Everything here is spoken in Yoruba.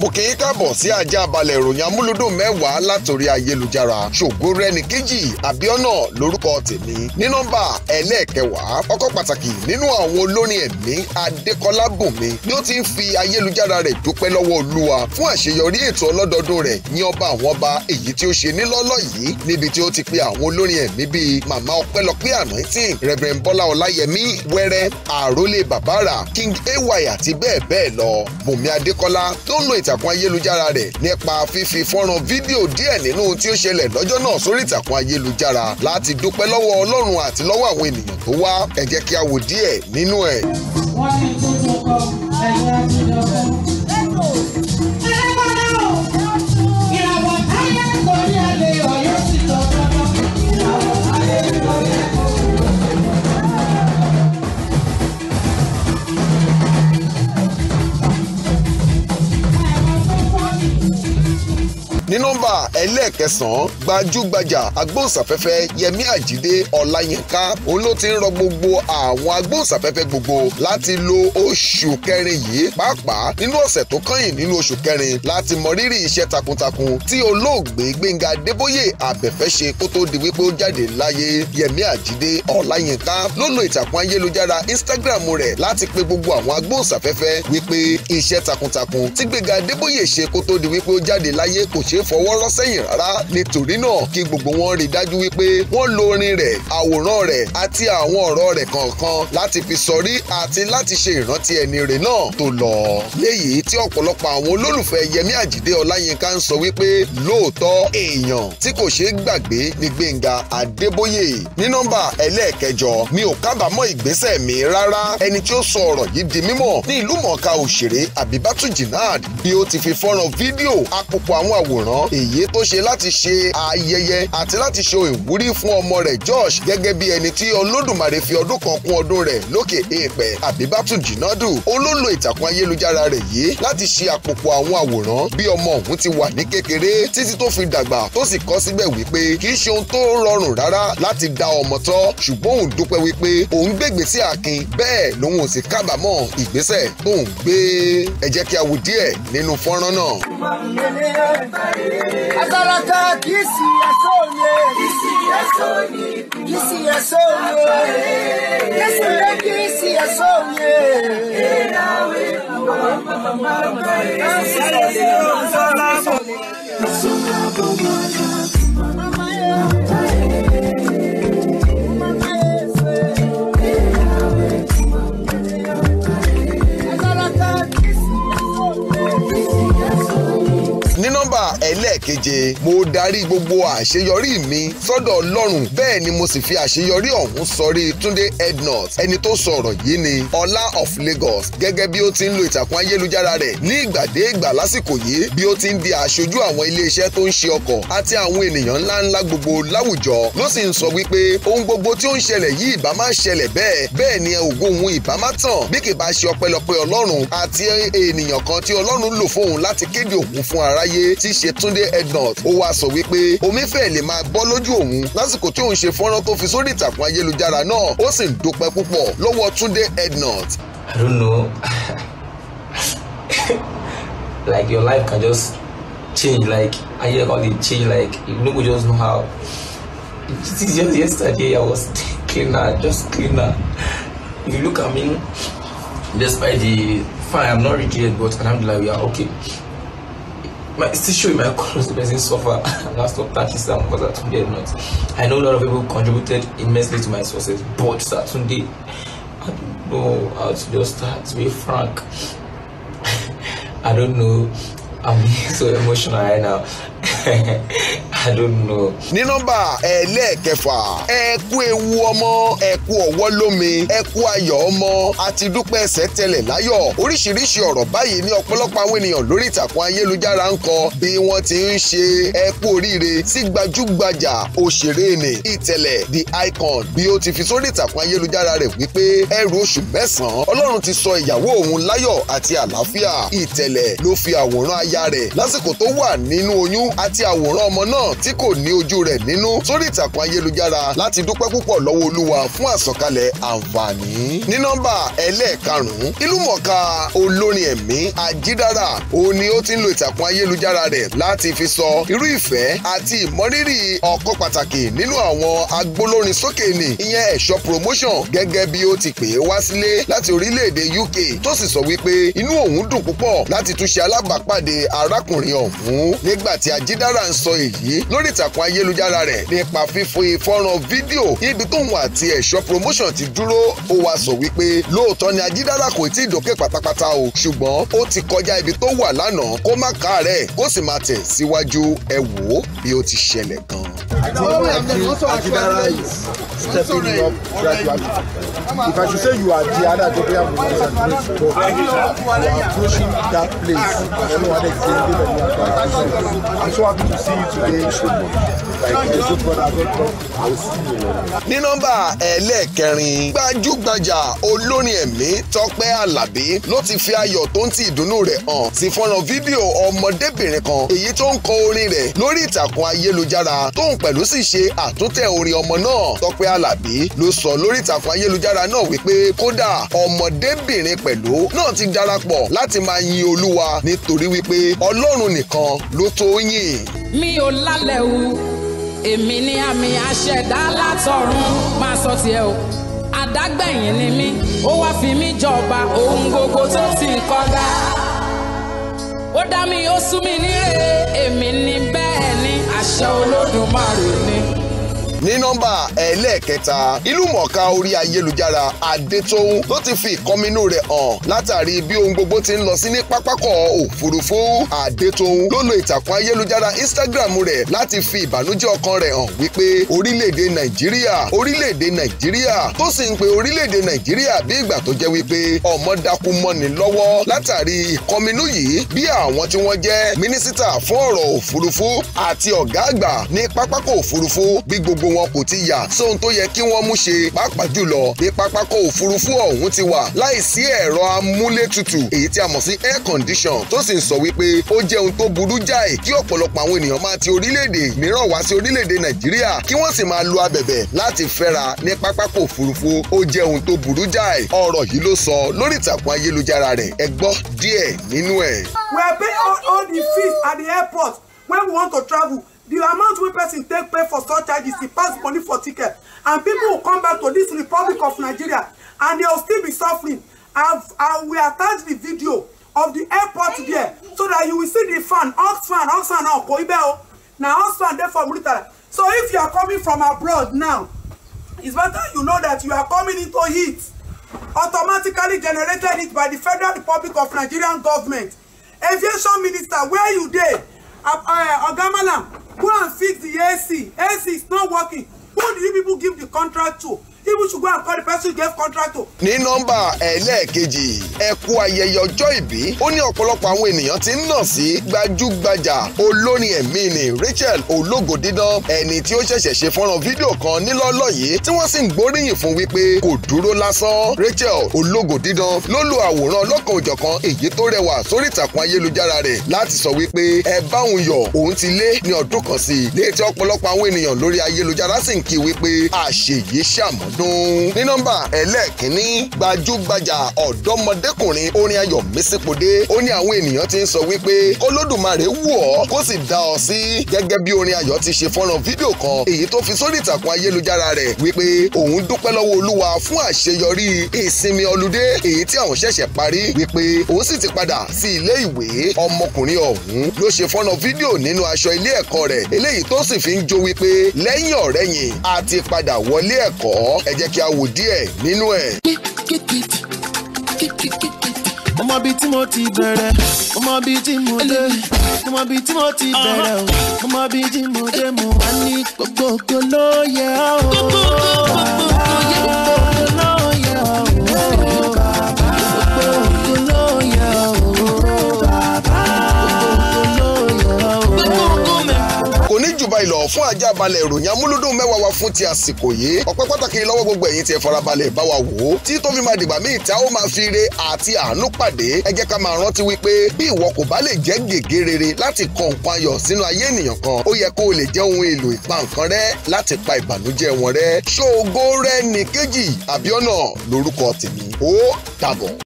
mo kì í káàbọ̀ sí ajá balẹ̀ ìròyìn amúlùdùn mẹ́wàá látòrí ayélujára ṣògo rẹni kejì abiona lórúkọ tèmi ní nọ́mbà ẹlẹ́ẹ̀kẹwàá ọkọ̀ pàtàkì nínú àwọn olórin ẹ̀mí adékọlá bùnmi ni ó ti ń fi ayélujára rẹ̀ dúpẹ́ lọ́wọ́ olúwa fún àṣeyọrí ètò ọlọ́dọọdún rẹ̀ ní ọba àwọn ọba èyí tí ó ṣe nílọ́lọ́ yìí níbi tí ó ti pe àwọn olórin ẹ̀mí bíi màmá ọpẹ́lọpẹ́ king ay àti bẹ́ẹ̀ bẹ́ẹ̀ lọ bùnmi adékọlá tó ń ìtàkùn ayélujára rẹ̀ nípa fífi fọ́nrán fídíò díẹ̀ nínú tí ó ṣẹlẹ̀ lọ́jọ́ náà sórí ìtàkùn ayélujára láti dúpẹ́ lọ́wọ́ Ọlọ́run àti lọ́wọ́ àwọn ènìyàn tó wá ẹ kí a wò díẹ̀ nínú ẹ̀. wọ́n ní tuntun kan ẹ̀yà nọ́mbà ẹlẹ́ẹ̀kẹsàn-án gbajúgbajà agbóhùnsáfẹ́fẹ́ Yẹmí Àjídé Ọláyínká òun ló ti ń rọ gbogbo àwọn agbóhùnsáfẹ́fẹ́ gbogbo láti lo oṣù kẹrin yìí pàápàá nínú ọ̀sẹ̀ tó kẹ́yìn nínú oṣù kẹrin láti mọ rírì iṣẹ́ takuntakun tí olóògbé Gbénga Adébóyè Àbẹ̀fẹ́ ṣe kó tó di wípé ó jáde láyé Yẹmí Àjídé Ọláyínká ló lo ìtàkùn ayélujára Instagram rẹ̀ láti pe gbogbo àwọn agbóhùnsáfẹ́fẹ́ wípé iṣẹ́ takuntakun tí Gbénga Adébóyè ṣe kó tó di wípé ó jáde láyé kò ṣeé fọwọ́ wọ́n rọ́ sẹ́yìn rárá nítorí náà kí gbogbo wọn rí dájú wípé wọ́n lo orin rẹ̀ àwòrán rẹ̀ àti àwọn ọ̀rọ̀ rẹ̀ kọ̀ọ̀kan láti fi sọrí àti láti ṣe ìrántí ẹni rẹ̀ náà tó lọ. léyìí tí ọ̀pọ̀lọpọ̀ àwọn olólùfẹ́ Yẹmí Àjídé Ọláyínká ń sọ wípé lóòótọ́ èèyàn tí kò ṣeé gbàgbé ni Gbénga Adébóyè ní nọ́mbà ẹlẹ́ẹ̀kẹjọ mi ò kábàámọ̀ ìgbésẹ̀ mi rárá ẹni tí ó sọ ọ̀rọ̀ yìí di mímọ̀ ní ìlú mọ̀ọ́ká òṣèré Àbíbátú Jìnnáàd bí ó ti fi fọ́nrán fídíò àpòpọ̀ àwọn àwòrán èyí tó ṣe láti ṣe ayẹyẹ àti láti ṣe ìwúrí fún ọmọ rẹ̀ Josh gẹ́gẹ́ bí ẹni tí Olódùmarè fi ọdún kan kún ọdún rẹ̀ lókè èèpẹ̀ Àbíbátù Jìnádù olólo ìtàkùn ayélujára rẹ̀ yìí láti ṣe àpòpọ̀ àwọn àwòrán bí ọmọ òun ti wà ní kékeré títí tó fi dàgbà tó sì kọ síbẹ̀ wípé kì í ṣe ohun tó rọrùn rárá láti dá ọmọ tọ́ ṣùgbọ́n òun dúpẹ́ wípé òun gbègbè sí àkin bẹ́ẹ̀ lòun ò sì kábàámọ̀ ìgbésẹ̀ tóun gbé ẹ jẹ́ kí a wò díẹ̀ nínú fọ́nrán náà. agbára kìsì ẹ̀sọ́ yẹ kìsì ẹ̀sọ́ yẹ kìsì ẹ̀sọ́ yẹ kìsì ẹ̀sọ́ yẹ. Sọ́lá bọ̀ mọ́lá. keje mo darí gbogbo àṣeyọrí mi sọ́dọ̀ ọlọ́run bẹ́ẹ̀ ni mo sì fi àṣeyọrí ọ̀hún sọrí túndé ednut ẹni tó sọ yìí ni ọlá of lagos gẹ́gẹ́ bí ó ti ń lo ìtàkùn ayélujára rẹ̀ ní ìgbàdégbà lásìkò yìí bí ó ti ń di aṣojú àwọn iléeṣẹ́ tó ń ṣe ọkọ̀ àti àwọn ènìyàn ńláńlá gbogbo láwùjọ ló sì ń sọ wípé ohun gbogbo tí ó ń ṣẹlẹ̀ yìí ìbá má ṣẹlẹ̀ bẹ́ẹ̀ bẹ́ẹ̀ ni ògo òun ìbá má tàn bí kì bá ṣe ọpẹ́lọpẹ́ ọlọ́run àti ènìyàn kan tí ọlọ́run lò fóun láti kéde òun fún aráyé tí ṣe túndé Ednut ó wá sọ wípé omi fẹ́ lè máa bọ́ lójú òun lásìkò tí òun ṣe fọ́nrán tó fi sórí ìtàkùn ayélujára náà ó sì ń dúpẹ́ púpọ̀ lọ́wọ́ Túndé Ednut. I don't know like your life can just change like I hear all the change like you no go just know how this is just yesterday I was cleaner just cleaner if you look at me despite the fine I'm not rich yet but alhamdulillah we are okay my still showing my close because they so far. I'll stop practicing because Atunde is not. I know a lot of people contributed immensely to my success, but Saturday, I don't know how to just start to be frank. I don't know. I'm so emotional right now. I don't know. ní nọ́mbà ẹlẹ́ẹ̀kẹfà ẹ kú ewu ọmọ ẹ kú ọwọ́ lómi ẹ kú ayọ̀ ọmọ àti dúpẹ́ ẹsẹ̀ tẹlẹ̀ láyọ̀ oríṣiríṣi ọ̀rọ̀ báyìí ní ọ̀pọ̀lọpọ̀ àwọn ènìyàn lórí ìtàkùn ayélujára ń kọ bí wọ́n ti ń ṣe ẹ oríire sí gbajúgbajà òṣèré nì ìtẹ̀lẹ̀ the icon bí ó ti fi sórí ìtàkùn ayélujára rẹ̀ wípé ẹrù oṣù mẹ́sàn-án ọlọ́run ti sọ ìyàwó òun láyọ̀ àti àlàáfíà ìtẹ̀lẹ̀ ló fi àwòrán aya rẹ̀ lásìkò tó wà nínú oyún àti àwòrán ọmọ náà náà tí kò ní ojú rẹ̀ nínú sórí ìtàkùn ayélujára láti dúpẹ́ púpọ̀ lọ́wọ́ olúwa fún àsọ̀kalẹ̀ àǹfààní. ní nọ́mbà ẹlẹ́ẹ̀karùn-ún ìlúmọ̀ọ́ká olórin ẹ̀mí àjídára òun ni ó ti ń lo ìtàkùn ayélujára rẹ̀ láti fi sọ irú ìfẹ́ àti ìmọrírì ọ̀kan pàtàkì nínú àwọn agbólórin sókè ni ìyẹn ẹ̀ṣọ́ promotion gẹ́gẹ́ bí ó ti pè é wá sílé láti orílẹ̀-èdè UK tó sì sọ wípé inú òun dùn púpọ̀ láti tún ṣe alábàápàdé arákùnrin ọ̀hún nígbà tí àjídára ń sọ èyí yìí lórí ìtàkùn ayélujára rẹ̀ nípa fífi fọ́nrán fídíò níbi tóun àti ẹ̀ṣọ́ promotion ti dúró ó wá sọ wípé lóòótọ́ ni ajídára kò tí ì dókè pátápátá o ṣùgbọ́n ó ti kọjá ibi tó wà lánàá kó má káàárẹ̀ kó sì máa tẹ̀ síwájú ẹ wò ó bí ó ti ṣẹlẹ̀ gan. if I should say you are the other Adebayo musician but you are approaching that place I'm so happy to see you today ní nọ́mbà ẹlẹ́ẹ̀kẹrin gbajúgbajà olórin ẹ̀mí Tọ́pẹ́ Àlàbí ló ti fi ayọ̀ tó ń ti ìdùnnú rẹ̀ hàn sí fọ́nrán fídíò ọmọdébìnrin kan èyí tó ń kọ orin rẹ̀ lórí ìtàkùn ayélujára tóun pẹ̀lú sì ṣe àtúntẹ̀ orin ọmọ náà Tọ́pẹ́ Àlàbí ló sọ lórí ìtàkùn ayélujára náà wípé kódà ọmọdébìnrin pẹ̀lú náà ti darapọ̀ láti máa yin Olúwa nítorí wípé Ọlọ́run nìkan ló tó yìn mi ò lálẹ́ o èmi ni àmì àṣẹdá látọ̀run máa sọ tiẹ̀ o àdágbẹ̀yìn ni mí ó wá fi mí jọba ohun gbogbo tó ti kọjá ó dá mi ó sú mi níre èmi ni bẹ́ẹ̀ ni àṣẹ olórí ní nọ́mbà ẹlẹ́ẹ̀kẹta ìlúmọ̀ọ́ká orí ayélujára adétóhùn tó ti fi ìkọminú rẹ̀ hàn látàrí bí ohun gbogbo ti ń lọ sí ní pápákọ̀ òfurufú adétóhùn ló lo ìtàkùn ayélujára instagram rẹ̀ láti fi ìbànújẹ́ ọkàn rẹ̀ hàn wípé orílẹ̀-èdè nàìjíríà orílẹ̀-èdè nàìjíríà tó sì ń pe orílẹ̀-èdè nàìjíríà bí ìgbà tó jẹ́ wípé ọmọ dákú mọ́ni lọ́wọ́ látàrí ìkọminú yìí bí àwọn tí wọ́n jẹ́ mínísítà fún ọ̀rọ̀ òfurufú àti ọ̀gá àgbà ní pápákọ̀ òfurufú bí gbogbo ojú wọn kò ti yà sóhun tó yẹ kí wọ́n mú ṣe pàápàá jùlọ bí pápákọ̀ òfurufú ọ̀hún ti wà láìsí ẹ̀rọ amúlétutù èyí tí a mọ̀ sí air condition tó sì ń sọ wípé ó jẹ́ ohun tó burú jáì kí ọ̀pọ̀lọpọ̀ àwọn ènìyàn máa ti orílẹ̀-èdè mìíràn wá sí orílẹ̀-èdè nàìjíríà kí wọ́n sì máa lo abẹ̀bẹ̀ láti fẹ́ra ní pápákọ̀ òfurufú ó jẹ́ ohun tó burú jáì ọ̀rọ̀ yìí ló sọ lórí ìtàkùn ayélujára rẹ̀ ẹ gbọ́ díẹ̀ nínú ẹ̀. we are paying all the fees at the airport when we want to travel the amount wey person take pay for such charges e pass money for ticket and people will come back to this republic of nigeria and they will still be suffering I've, i will attach the video of the airport there so that you will see the fan oxfam oxfam na okoibeo na oxfam dey for muritara so if you are coming from abroad now it's better you know that you are coming into heat automatically generated heat by the federal republic of nigerian government aviation minister where you dey eh, oga malam Go and fix the AC. AC is not working. Who do you people give the contract to? people should go and call the person who gave contract to. ní nọ́mbà ẹlẹ́ẹ̀kejì ẹ̀kú ayẹyẹ ọjọ́ ìbí ó ní ọ̀pọ̀lọpọ̀ àwọn ènìyàn ti ń nà sí gbajúgbajà olórin ẹ̀mí ni Rachel ológo dídán ẹni tí ó ṣẹ̀ṣẹ̀ ṣe fọ́nrán fídíò kan nílọ́lọ́ yìí tí wọ́n sì ń gbóríyìn fún wípé kò dúró lásán Rachel ológo dídán ló lo àwòrán ọlọ́kan òjọ̀kan èyí tó rẹwà sórí ìtàkùn ayélujára rẹ̀ láti sọ wípé ẹ bá òun yọ̀ òun ti lé ní ọdún kan sí i létí ọ̀pọ̀lọpọ̀ àwọn ènìyàn lórí ayélujára sì ń kí wípé àṣeyí ṣàmọ́ ọdún ní nọ́mbà ẹlẹ́ẹ̀kínní gbajúgbajà ọ̀dọ́mọdékùnrin orin ayọ̀ mísípòdé ó ní àwọn ènìyàn ti ń sọ wípé kólódùmarè wù ọ́ kó sì dá ọ sí gẹ́gẹ́ bí orin ayọ̀ ti ṣe fọ́nrán fídíò kan èyí tó fi sórí ìtàkùn ayélujára rẹ̀ wípé òun dúpẹ́ lọ́wọ́ olúwa fún àṣeyọrí ìsinmi ọludé èyí tí àwọn ṣẹ̀ṣẹ̀ parí wípé òun sì ti padà sí ilé ìwé ọmọkùnrin ọ̀hún ló ṣe fọ́nrán fídíò nínú aṣọ ilé ẹ̀kọ́ rẹ̀ eléyìí tó sì fi ń jó wípé lẹ́yìn ọ̀rẹ́yìn a ti padà wọlé ẹ̀kọ́ ẹ jẹ́ kí a wò díẹ̀ nínú ẹ̀. ọmọ bíi tí mo ti bẹ̀rẹ̀ ọmọ bíi tí mo dé ọmọ bíi tí mo ti bẹ̀rẹ̀ ọmọ bíi tí mo dé mo wá ní gbogbo kò lóye ọ́. wa ìlọ̀ fún àjàbalẹ̀ ìròyìn amúlúdùn mẹ́wàá wa fún ti àsìkò yìí ọpẹ́ pàtàkì lọ́wọ́ gbogbo ẹ̀yin tí farabalẹ̀ bá wa wò ó tí tó fi máa dìgbà míì tá ó máa fi re àti àánú pàdé ẹ ká máa rántí wípé bí ìwọ kò bá lè jẹ́ gègé rere láti kọ nǹkan ayọ̀ sínú ayé ènìyàn kan ó yẹ kó o lè jẹ́ ohun èlò ìpa nǹkan rẹ láti pa ìbànújẹ́ wọn rẹ ṣóògó rẹ nìkejì àbíọ́nà lórúkọ tèmi ó dàbọ̀.